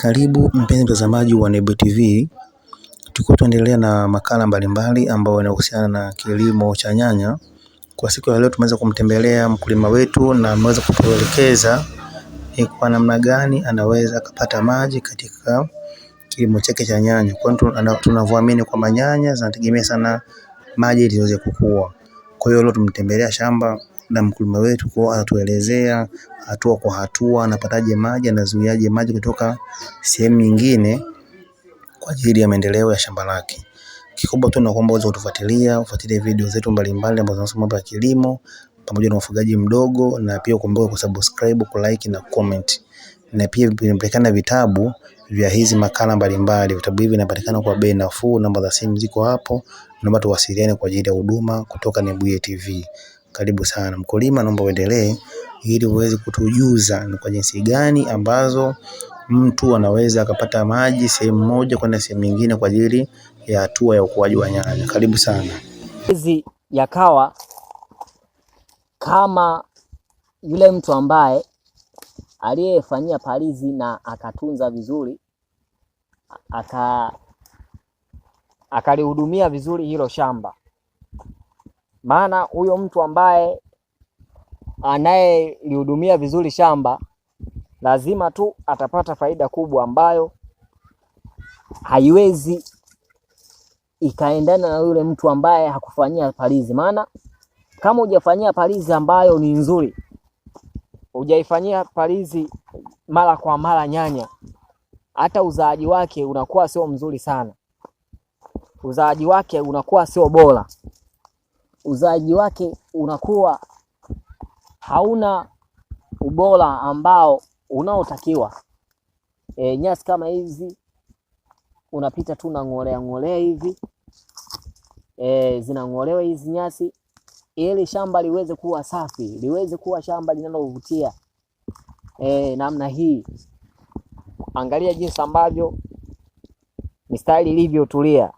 Karibu mpenzi mtazamaji wa Nebuye TV, tuko tuendelea na makala mbalimbali ambayo yanahusiana na kilimo cha nyanya. Kwa siku ya leo tumeweza kumtembelea mkulima wetu na ameweza kutuelekeza ni kwa namna gani anaweza kupata maji katika kilimo chake cha nyanya, kwani tunavyoamini kwamba nyanya zinategemea sana maji ili ziweze kukua. Kwa hiyo leo tumtembelea shamba na mkulima wetu kwa anatuelezea hatua kwa hatua anapataje maji, anazuiaje maji kutoka sehemu nyingine kwa ajili ya maendeleo ya shamba lake. Kikubwa tu nakuomba uweze kutufuatilia, ufuatilie video zetu mbalimbali ambazo zinahusu mambo ya kilimo pamoja na ufugaji mdogo, na pia ukumbuke kusubscribe, kulike na comment. Na pia vinapatikana vitabu vya hizi makala mbalimbali. Vitabu hivi vinapatikana kwa bei nafuu, namba za simu ziko hapo. Naomba tuwasiliane kwa ajili ya huduma kutoka Nebuye TV. Karibu sana mkulima, naomba uendelee ili uweze kutujuza ni kwa jinsi gani ambazo mtu anaweza akapata maji sehemu moja kwenda sehemu nyingine kwa ajili ya hatua ya ukuaji wa nyanya. Karibu sana. Hizi yakawa kama yule mtu ambaye aliyefanyia palizi na akatunza vizuri aka akalihudumia vizuri hilo shamba maana huyo mtu ambaye anayelihudumia vizuri shamba lazima tu atapata faida kubwa ambayo haiwezi ikaendana na yule mtu ambaye hakufanyia palizi. Maana kama hujafanyia palizi ambayo ni nzuri, hujaifanyia palizi mara kwa mara nyanya, hata uzaaji wake unakuwa sio mzuri sana, uzaaji wake unakuwa sio bora uzaji wake unakuwa hauna ubora ambao unaotakiwa. E, nyasi kama hizi unapita tu unang'olea ng'olea hivi e, zinang'olewa hizi nyasi ili shamba liweze kuwa safi, liweze kuwa shamba linalovutia. E, namna hii, angalia jinsi ambavyo mistari ilivyotulia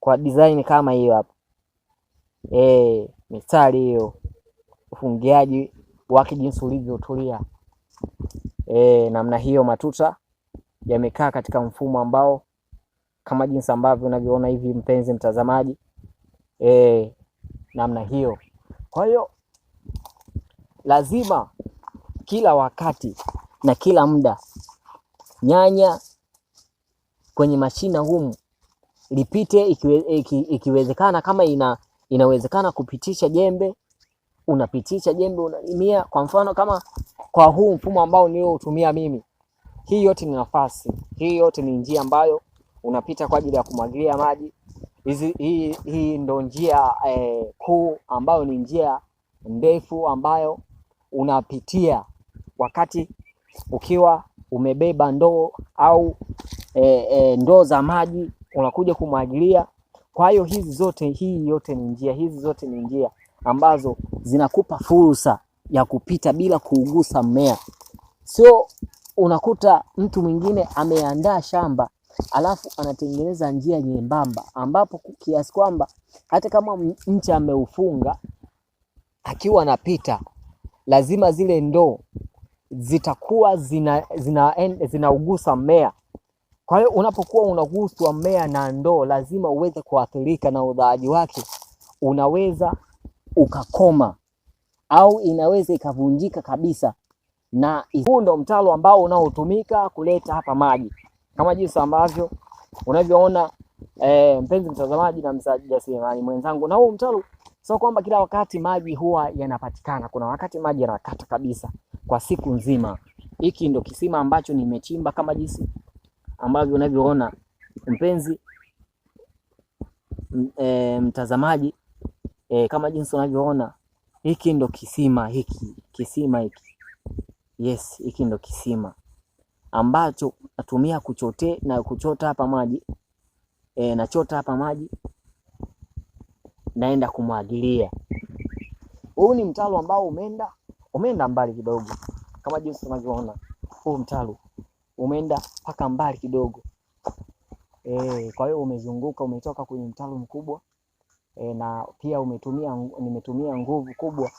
kwa design kama hiyo hapa eh, mistari hiyo, ufungiaji wake jinsi ulivyotulia eh, namna hiyo, matuta yamekaa katika mfumo ambao kama jinsi ambavyo unavyoona hivi, mpenzi mtazamaji eh, namna hiyo. Kwa hiyo lazima kila wakati na kila muda nyanya kwenye mashina humu lipite ikiwe, iki, ikiwezekana kama ina Inawezekana kupitisha jembe, unapitisha jembe unalimia. Kwa mfano kama kwa huu mfumo ambao niliotumia mimi, hii yote ni nafasi, hii yote ni njia ambayo unapita kwa ajili ya kumwagilia maji. Hizi, hii, hii ndo njia eh, kuu ambayo ni njia ndefu ambayo unapitia wakati ukiwa umebeba ndoo au e, e, ndoo za maji unakuja kumwagilia. Kwa hiyo hizi zote, hii yote ni njia, hizi zote ni njia ambazo zinakupa fursa ya kupita bila kuugusa mmea. Sio unakuta mtu mwingine ameandaa shamba alafu anatengeneza njia nyembamba, ambapo kiasi kwamba hata kama mche ameufunga akiwa anapita, lazima zile ndoo zitakuwa zinaugusa zina, zina, zinaugusa mmea kwa hiyo unapokuwa unaguswa mmea na ndoo, lazima uweze kuathirika na udhaaji wake, unaweza ukakoma au inaweza ikavunjika kabisa, na huu ndo mtalo ambao unaotumika kuleta hapa maji kama jinsi ambavyo unavyoona e, mpenzi mtazamaji na mjasiriamali mwenzangu, na huu mtalo sio kwamba kila wakati maji huwa yanapatikana. Kuna wakati maji yanakata kabisa kwa siku nzima. Hiki ndo kisima ambacho nimechimba kama jinsi ambavyo unavyoona mpenzi e, mtazamaji e, kama jinsi unavyoona hiki ndo kisima hiki kisima hiki yes, hiki ndo kisima ambacho natumia kuchote na kuchota hapa maji e, nachota hapa maji naenda kumwagilia. Huu ni mtalo ambao umeenda umeenda mbali kidogo, kama jinsi unavyoona huu mtalo umeenda mpaka mbali kidogo e, kwa hiyo umezunguka, umetoka kwenye mtaro mkubwa e, na pia umetumia, nimetumia nguvu kubwa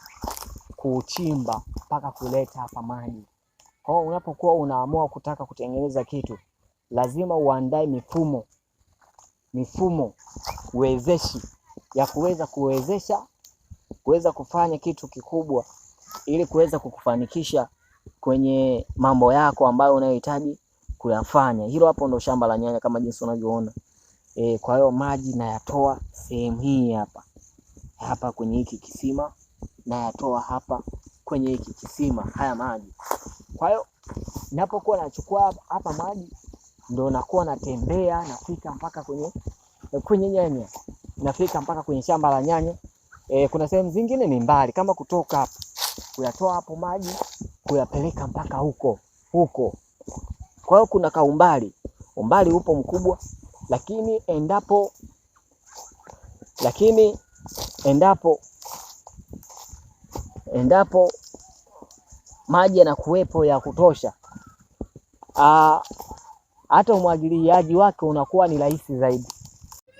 kuchimba mpaka kuleta hapa maji. Kwa hiyo unapokuwa unaamua kutaka kutengeneza kitu, lazima uandae mifumo mifumo uwezeshi ya kuweza kuwezesha kuweza kufanya kitu kikubwa ili kuweza kukufanikisha kwenye mambo yako ambayo unayohitaji kuyafanya. Hilo hapo ndo shamba la nyanya kama jinsi unavyoona. E, kwa hiyo maji nayatoa sehemu hii hapa hapa kwenye hiki kisima, nayatoa hapa kwenye hiki kisima haya maji. Kwa hiyo napokuwa nachukua hapa maji ndo nakuwa natembea nafika mpaka kwenye kwenye nyanya, nafika mpaka kwenye shamba la nyanya. E, kuna sehemu zingine ni mbali kama kutoka hapa kuyatoa hapo maji kuyapeleka mpaka huko huko. Kwa hiyo kuna kaumbali, umbali upo mkubwa, lakini endapo lakini endapo endapo maji yanakuwepo ya kutosha, hata umwagiliaji wake unakuwa ni rahisi zaidi.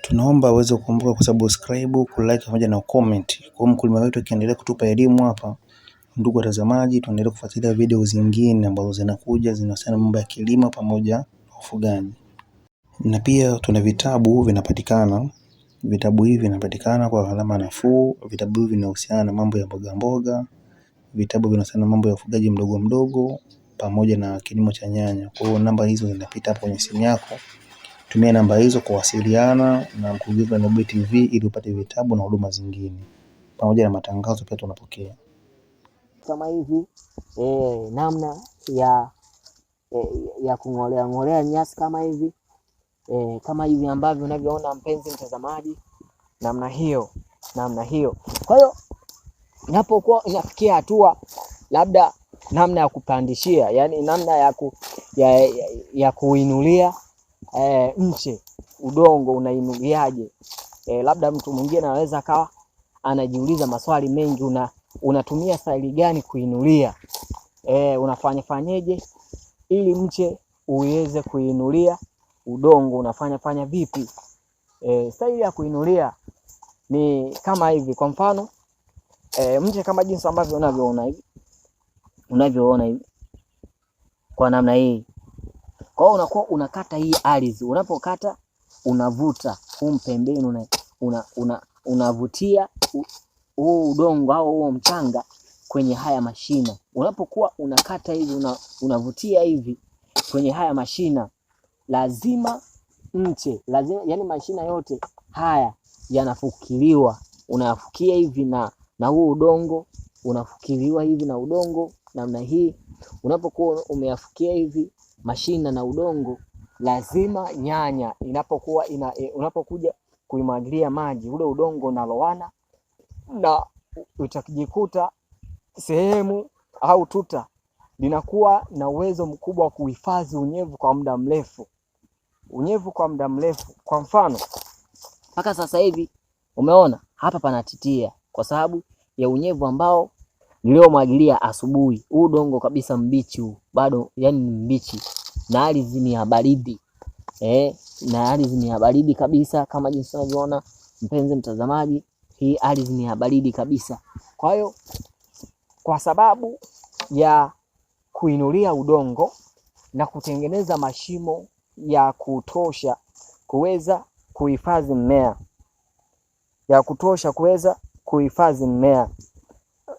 Tunaomba uweze kukumbuka kusubscribe, kulike pamoja na comment, kwa mkulima wetu akiendelea kutupa elimu hapa Ndugu watazamaji, tuendelee kufuatilia video zingine ambazo zinakuja zinahusiana mambo ya kilimo pamoja na ufugaji, na pia tuna vitabu vinapatikana. Vitabu hivi vinapatikana kwa gharama nafuu. Vitabu hivi vinahusiana na mambo ya mboga mboga, vitabu vinahusiana na mambo ya ufugaji mdogo mdogo pamoja na kilimo cha nyanya. Kwa hiyo namba hizo zinapita hapo kwenye simu yako. Tumia namba hizo kuwasiliana na Mkurugenzi wa Nebuye TV ili upate vitabu na huduma zingine pamoja na matangazo pia tunapokea kama hivi e, namna ya e, ya kung'olea ng'olea nyasi kama hivi e, kama hivi ambavyo unavyoona mpenzi mtazamaji, namna hiyo namna hiyo. Kwa hiyo inapokuwa inafikia hatua labda namna ya kupandishia, yani namna ya, ku, ya, ya, ya kuinulia e, mche udongo unainuliaje? E, labda mtu mwingine anaweza akawa anajiuliza maswali mengi, una unatumia staili gani kuinulia, e, unafanya fanyeje ili mche uweze kuinulia udongo, unafanya fanya vipi? E, eh, staili ya kuinulia ni kama hivi. Kwa mfano e, mche kama jinsi ambavyo unavyoona hivi, unavyoona hivi kwa namna hii. Kwa hiyo unakuwa unakata hii ardhi, unapokata unavuta humpembeni una, una, una, unavutia huo udongo au huo mchanga kwenye haya mashina. Unapokuwa unakata hivi una, unavutia hivi kwenye haya mashina, lazima mche lazima, yani mashina yote haya yanafukiliwa, unayafukia hivi na na huo udongo unafukiliwa hivi na udongo namna hii. Unapokuwa umeyafukia hivi mashina na udongo, lazima nyanya inapokuwa ina, e, unapokuja kuimwagilia maji ule udongo unalowana na utakijikuta sehemu au tuta linakuwa na uwezo mkubwa wa kuhifadhi unyevu kwa muda mrefu, unyevu kwa muda mrefu. Kwa mfano mpaka sasa hivi umeona hapa panatitia kwa sababu ya unyevu ambao niliomwagilia asubuhi. Huu udongo kabisa mbichi huu bado, yani ni mbichi na ardhi ni ya baridi eh, na ardhi ni ya baridi kabisa, kama jinsi unavyoona mpenzi mtazamaji hii ardhi ni ya baridi kabisa. Kwa hiyo kwa sababu ya kuinulia udongo na kutengeneza mashimo ya kutosha kuweza kuhifadhi mmea ya kutosha kuweza kuhifadhi mmea,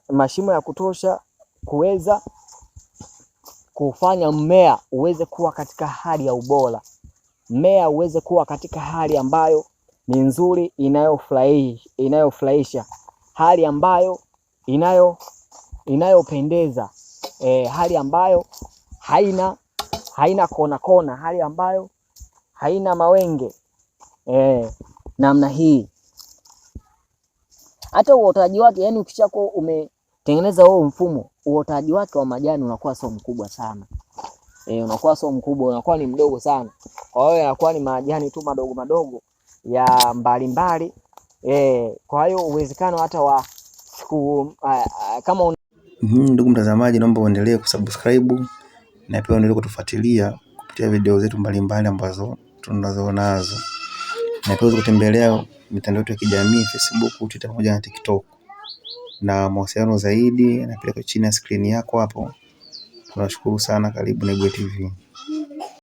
mashimo ya kutosha kuweza kufanya mmea uweze kuwa katika hali ya ubora, mmea uweze kuwa katika hali ambayo ni nzuri inayofurahisha, hali ambayo inayo inayopendeza e, hali ambayo haina haina kona kona, hali ambayo haina mawenge e, namna hii. Hata uotaji wake yani, ukishako umetengeneza huo mfumo, uotaji wake wa majani unakuwa sio mkubwa sana e, unakuwa sio mkubwa, unakuwa ni mdogo sana. Kwa hiyo yanakuwa ni majani tu madogo madogo ya mbalimbali e, kwa hiyo uwezekano hata wa siku kama un... Mhm, ndugu mtazamaji, naomba uendelee kusubscribe na pia uendelee kutufuatilia kupitia video zetu mbalimbali ambazo tunazonazo, na pia kutembelea mitandao yetu ya kijamii Facebook, Twitter pamoja na TikTok. Na mawasiliano zaidi napeleka chini ya skrini yako hapo. Tunashukuru sana, karibu Nebuye TV.